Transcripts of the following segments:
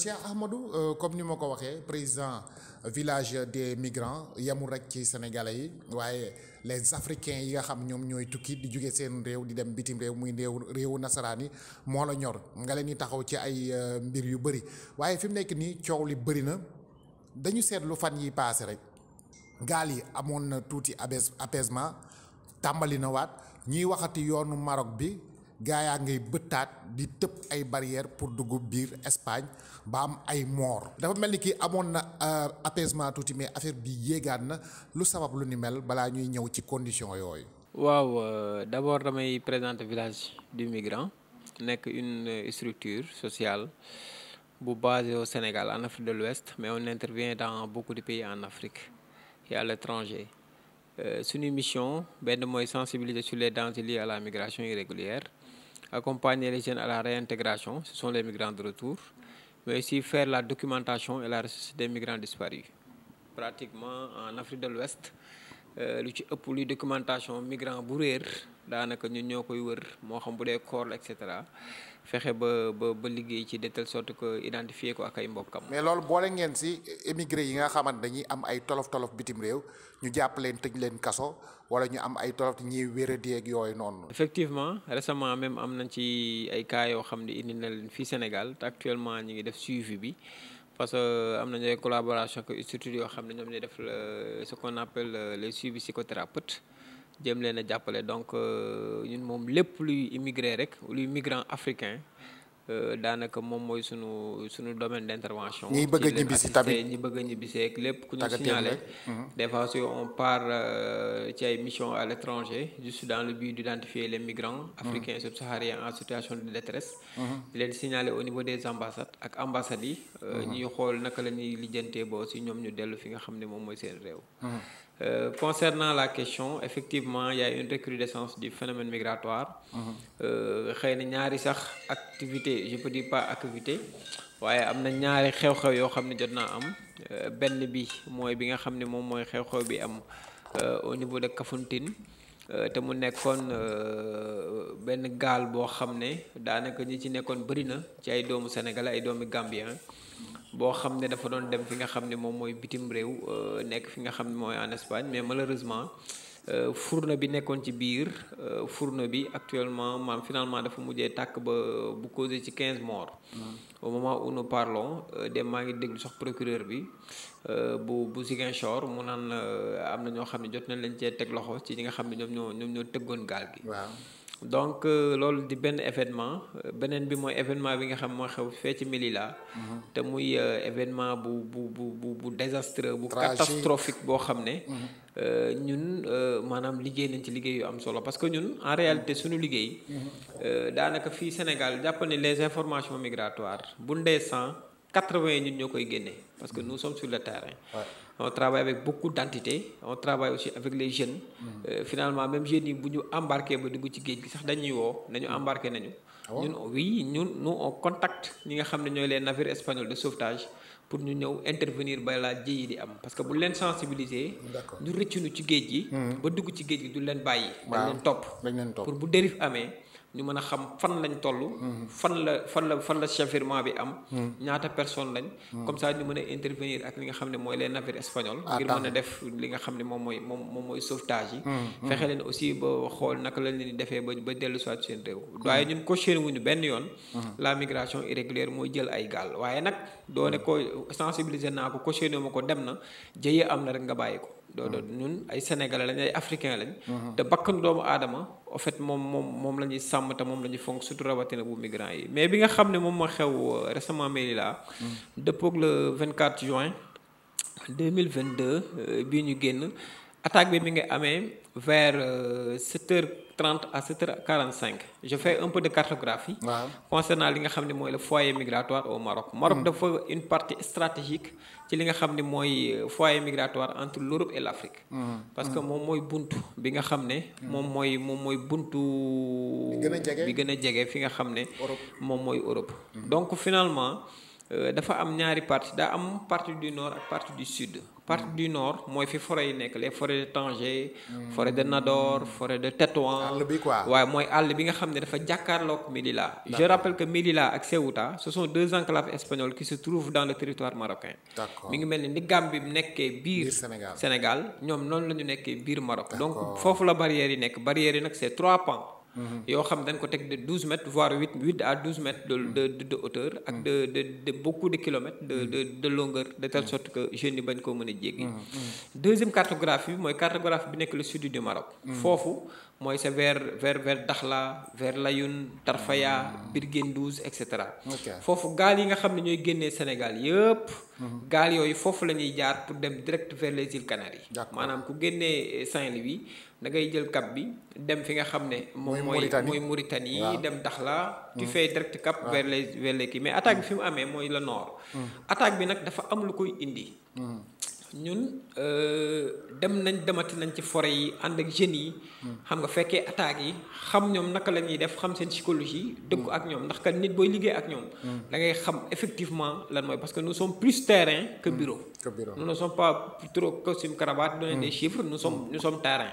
Cheikh Ahmadou euh, comme ni ma ko waxee président village des migrants yemul rek ci sénégalais yi waaye les africains yi nga xam ñoom ñooy tukki di jóge seen réew di dem bitim réew muy réew réewu nasaraan yi moo la ñor nga leen taxaw ci ay euh, mbir yu bëri waaye fi mu nekk nii coow li bëri na dañu seetlu fan yi paase rek gaal yi amoon na tuuti apaisement tàmbali na waat ñiy waxati yoonu Maroc bi. gaa yaa ngay bëttaat di tëb ay barrière pour dugub biir Espagne ba am ay moor dafa mel ni kii amoon na euh, apaisement touti mais affaire bi yéegaan na lu sabab lu ni mel balaa ñuy ñëw ci condition yooyu. waaw euh, d'abord damay présenter village du migrant nekk une euh, structure sociale bu basée au Sénégal en Afrique de l'Ouest mais on intervient dans beaucoup de pays en Afrique et à l'étranger. Euh, suñu mission benn mooy sensibiliser sur les dangers liés à la migration irrégulière accompagner les jeunes à la réintégration, ce sont les migrants de retour, mais aussi faire la documentation et la recherche des migrants disparus. Pratiquement en Afrique de l'Ouest, Euh, lu ci ëpp luy documentation migrant bu réer daanaka ñun ñoo koy wër moo xam bu dee koor et cetera fexe ba ba ba liggéey ci de telle sorte que identifier ko ak ay mbokkam. mais loolu boole ngeen si émigré yi nga xamante dañuy am ay tolof tolof bitim réew ñu jàpp leen tëj leen kaso wala ñu am ay tolof ñuy wéradee ak yooyu noonu. effectivement récemment même am nañ ci ay cas yoo xam ni indi na leen fii Sénégal te actuellement ñu ngi def suivi bi. parce que am nañu ay collaboration ak institut yoo xam ne ñoom ñuy def euh, ce qu'on appelle euh, les suivis psychothérapeutes jëm leen a jàppale donc euh, ñun moom lépp luy immigré rek luy migrant africains Euh, daanaka moom mooy sunu sunu domaine d' intervention. ñi bëgg a ñibbisi tamit ñi bëgg a ñibbisee ak lépp ku ñu signalé. Mhm. des fois si on part euh, ci mission à l' étranger juste dans le but d' identifier les migrants. Mhm. africains subsahariens en situation de détresse mhm. di leen signalé au niveau des ambassades ak ambassades yi. Euh, ñuy xool naka la ñuy lijjantee ba aussi ñoom ñu dellu fi nga xam ne moom mooy seen réew. Euh, concernant la question effectivement il y a de recrudescence du phénomène migratoire. Euh, xëy na ñaari sax activité je peux dire pas activité waaye am na ñaari xew-xew yoo xam ne jot naa am euh, benn bi mooy bi nga xam ne moom mooy xew-xew bi am euh, au niveau de Kafountine te mu nekkoon benn gaal boo xam ne daanaka ñi ci nekkoon bëri na ci ay doomu Sénégal ay doomi Gambien. boo xam ne dafa doon dem fi nga xam ne moom mooy bitim réew euh, nekk fi nga xam ne mooy en Espagne mais malheureusement euh, fourneau bi nekkoon ci biir euh, fourneau bi actuellement maam finalement dafa mujjee tàkk ba bu causé ci quinze morts hmm. au moment où nous parlons dem maa ngi déglu sax procureur bi bu bu Ziguinchor mu naan am na ñoo xam ne jot nañ leen cee teg loxo ci ñi nga xam ne ñoom ñoo ñoom ñoo tëggoon gaal gi waaw donc euh, loolu di benn événement euh, beneen bi mooy événement bi nga xam moo xew fee ci Melilla mhm. te muy euh, événement bu bu bu bu désastreux bu catastrophique boo xam ne mhm. ñun maanaam liggéey nañ ci liggéey yu am solo parce que ñun en réalité suñu liggéey mhm. daanaka fii Sénégal jàpp ne les informations migratoires bu ndee cent quatre-vingts ñun ñoo koy génne parce que nous sommes sur le terrain on travaille avec beaucoup d'entités on travaille aussi avec les jeunes. Mm. Euh, finalement même jeunes yi bu ñu embarqué ba dugg ci géej gi sax dañuy woo nañu mm. embarqué nañu. Ah ñun oui ñun nous on contacte ñi nga xam ne ñooy les navires espagnols de sauvetage pour ñu ñëw intervenir ba laa ji yi di am parce que bu leen sensibiliser. ñu rëccunu ci géej gi. Mm. ba dugg ci géej gi du leen bàyyi. dañ leen topp pour bu dérive amee. ñu mën a xam fan lañ toll. fan la fan la fan la chavirement bi am. ñaata personne lañ. comme saa ñu mën a intervenir ak li nga xam ne mooy les navires espagnols. Ah, ngir mën def li nga xam ne moom mooy moom moom mooy sauvetage yi. Hmm, hmm. fexe leen aussi ba xool naka lañ leen di defee ba ba dellu soit seen réew. waaye ñun cautionné wuñu benn yoon. Hmm. la migration irrégulière mooy jël ay gaal waaye nag doone ko sensibiliser naa ko cautionné ma ko dem na jëye am na rek nga bàyyi ko. doo ah. ñun ay sénégalais lañ ay africains lañ. Uh-huh. te bakkan doomu aadama en fait moom moom moom la ñuy sàmm te moom la ñuy fonk surtout rawatina bu migrants yi mais bi nga xam ne moom moo xew euh, récemment mairie la mm. depuis le 24 juin 2022 euh, bii ñu génn. attaque bi mi ngi amee vers euh, sept heures trente à sept heures quarante cinq je fais un peu de cartographie. waaw concernant li nga xam ne mooy le foyer migratoire au Maroc. Mm. Maroc dafa une partie stratégique ci li nga xam ne mooy euh, foyer migratoire entre l'Europe et l'Afrique. Mm. parce que mm. moom mooy buntu bi nga xam ne. moom mooy moom mooy buntu. gën a jege bi gën a jege fi nga xam ne. moom mooy Europe. donc finalement. Euh, dafa am ñaari partie daa am partie du nord ak partie du sud. partie du nord mooy fi forêt yi nekk les forêts de Tanger. Hmm. forêt de Nador forêt de Tétouan. àll bi quoi waaye mooy àll bi nga xam ne dafa jàkkaarloog Melilla. je rappelle que Melilla ak Ceuta ce sont deux enclaves espagnoles qui se trouvent dans le territoire marocain. mi ngi mel ni ni Gambie bi nekkee biir. Sénégal ñoom noonu la ñu nekkee biir Maroc. donc foofu la barrière yi nekk barrière yi nag c'est trois pans. Mm-hmm. yoo xam dañ ko teg de douze mètres voire huit huit à douze mètres de de de hauteur. ak de mm-hmm. de de beaucoup de kilomètres de de mm-hmm. de longueur de telle sorte que jeunes yi bañ koo mën a deuxième cartographie bi mooy cartographie bi nekk le sud du Maroc. foofu mooy c'est vers vers vers Dakhla vers Layoune Tarfaya Birgendouze et cetera. foofu gaal yi nga xam ne ñooy génnee Sénégal yëpp. gaal yooyu foofu la ñuy jaar pour dem direct vers les îles Canaries. maanaam ku génne Saint-Louis. da ngay jël cap bi dem fi nga xam ne. moom mooy mooy Mauritanie yi dem Dakhla. tu mm. fais direct cap vers les vers les kii mais attaque bi fi mu amee mooy la nord. Mm. attaque bi nag dafa am lu koy indi. Mm. ñun euh, dem nañ demati nañ ci fore yi ànd ak jeunes yi. Hmm. xam nga fekkee attaques yi xam ñoom naka la ñuy def xam seen psychologie. dëkk hmm. ak ñoom ndax kat nit booy liggéey ak ñoom. Hmm. dangay xam effectivement lan mooy parce que nous sommes plus terrain que bureau. que bureau nous ne sommes pas trop costume cravate. donner des chiffres nous sommes nous sommes terrain.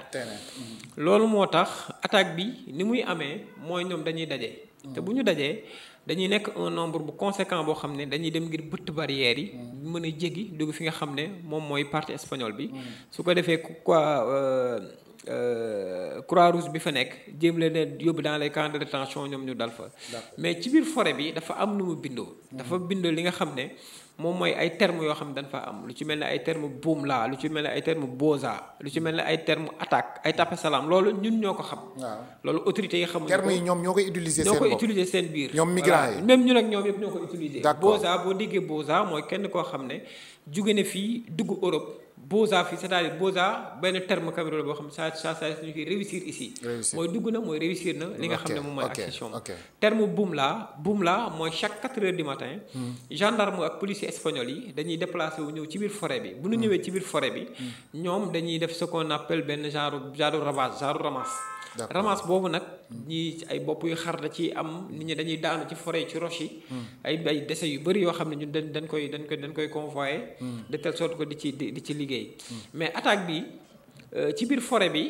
loolu moo tax attaque bi ni muy amee mooy ñoom dañuy daje. te bu ñu dajee dañuy nekk un nombre bu conséquent boo xam ne dañuy dem ngir bëtt barrières yi. mën a jéggi dugg fi nga xam ne moom mooy partie espagnole bi. Hmm. su ko defee quoi euh, euh, Croix-Rouge bi fa nekk jéem ne yóbbu dans les camps de tention ñoom ñu dal fa. mais ci biir fore bi dafa am nu mu bindoo. dafa hmm. bindoo li nga xam ne. moom mooy ay termes yoo xam ne dañ fa am lu ci mel ni ay termes buum laa lu ci mel ne ay termes boza lu ci mel ne ay termes attaque ay tapé salaam loolu ñun ñoo ko xam. loolu autorité yi xamuñu ko termes yi ñoom ñoo koy utiliser seen bopp ñoo koy utiliser seen biir. ñoom migrants yi même ñu ak ñoom yëpp ñoo koy utiliser. boza boo déggee boza mooy kenn koo xam ne jóge na fii dugg Europe. Boza fii c'est-à-dire Boza benn terme Cameroun boo xam ne saa saa saa suñu koy réussir ici. mooy dugg na mooy réussir na. li nga xam ne moom mooy action terme Bumla Bumla mooy chaque 4 heures du matin. Hmm. gendarme ak policier espagnol yi dañuy déplacé wu ñëw ci biir forêt bi. bu ñu hmm. ñëwee ci biir forêt bi. Hmm. ñoom dañuy def ce qu'on appelle benn genre genre ravage genre ramas boobu nag ñi ay bopp yu xar da ci am nit ñi dañuy daanu ci forêt ci roche yi ay ay décès yu bëri yoo xam ne ñun dañ dañ koy dañ koy dañ koy convoyé mais attaque bi euh, ci biir fore bi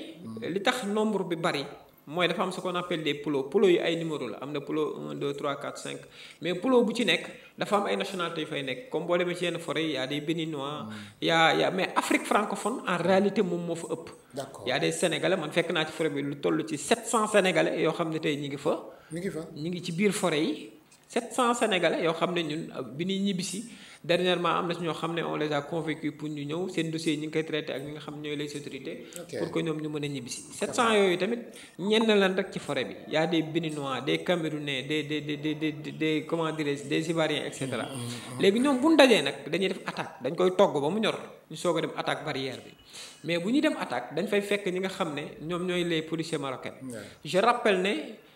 li tax nombre bi bari mooy dafa am ce qu'on appelle des plots plots yi ay numéro la am na plot 1 2 3 4 5 mais plot bu ci nekk dafa am ay nationalité yu fay nekk comme boo demee ci yenn forêt yi y a béninois mm. y a y a mais Afrique francophone en réalité moom moo fa ëpp y a des sénégalais man fekk naa ci forêt bi lu toll ci 700 sénégalais yoo xam ne tey ñu ngi fa ñi ngi fa ñu ngi ci biir forêt yi 700 sénégalais yoo xam ne ñun euh, bi ñuy ñibbisi dernièrement am na si ñoo xam ne on les a pour ñu ñëw seen dossier ñu ngi koy traité ak ñi xam ñooy les autorités. ñu mën a ñibbisi. 700 yooyu tamit ñenn lan a des béninois des camerounais des des des des des comment dirais des ivoiriens et cetera. Mm, mm, mm, léegi ñoom bu ñu dajee nag dañuy def attaque dañ koy togg ba mu ñor ñu soog a attaque barrière bi mais bu ñuy dem attaque dañ fay fekk ñi nga xam ne ñoom ñooy les policiers marocains. je rappelle ne.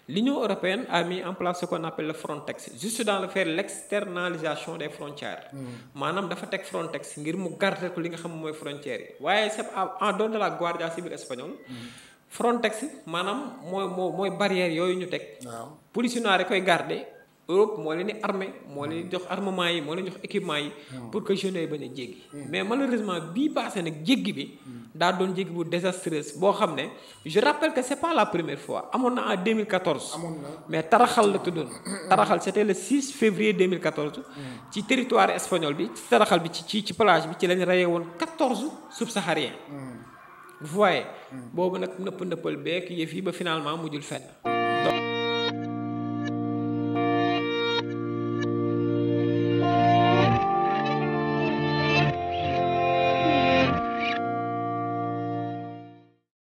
l'Union européenne a mis en place ce qu'on appelle le Frontex juste dans le faire l'externalisation des frontières. Mm. maanaam dafa teg Frontex ngir mu garder ko li nga xam mooy frontières yi waaye c'est en dehors de la Guardia civile espagnole. Mm. Frontex maanaam mooy mooy barrière yooyu ñu teg. waaw police naare koy garder. Europe moo leen ni armé moo leen mm. jox armement yi moo leen jox équipement yi. pour que jeunes yi bañ a jéggi. mais malheureusement bii passé nag jéggi bi. daa doon jéeg bu désastreuse boo xam ne je rappelle que c'est pas la première fois amoon na en 2014. amoon na mais taraxal la tuddoon. taraxal c'était le 6 février 2014. Hmm. ci territoire espagnol bi ci taraxal bi ci ci plage bi ci lañ rayé woon 14 subsahariens. Hmm. vous voyez. Hmm. boobu nag nëpp nëppal beek yëf yi ba finalement mujjul fenn.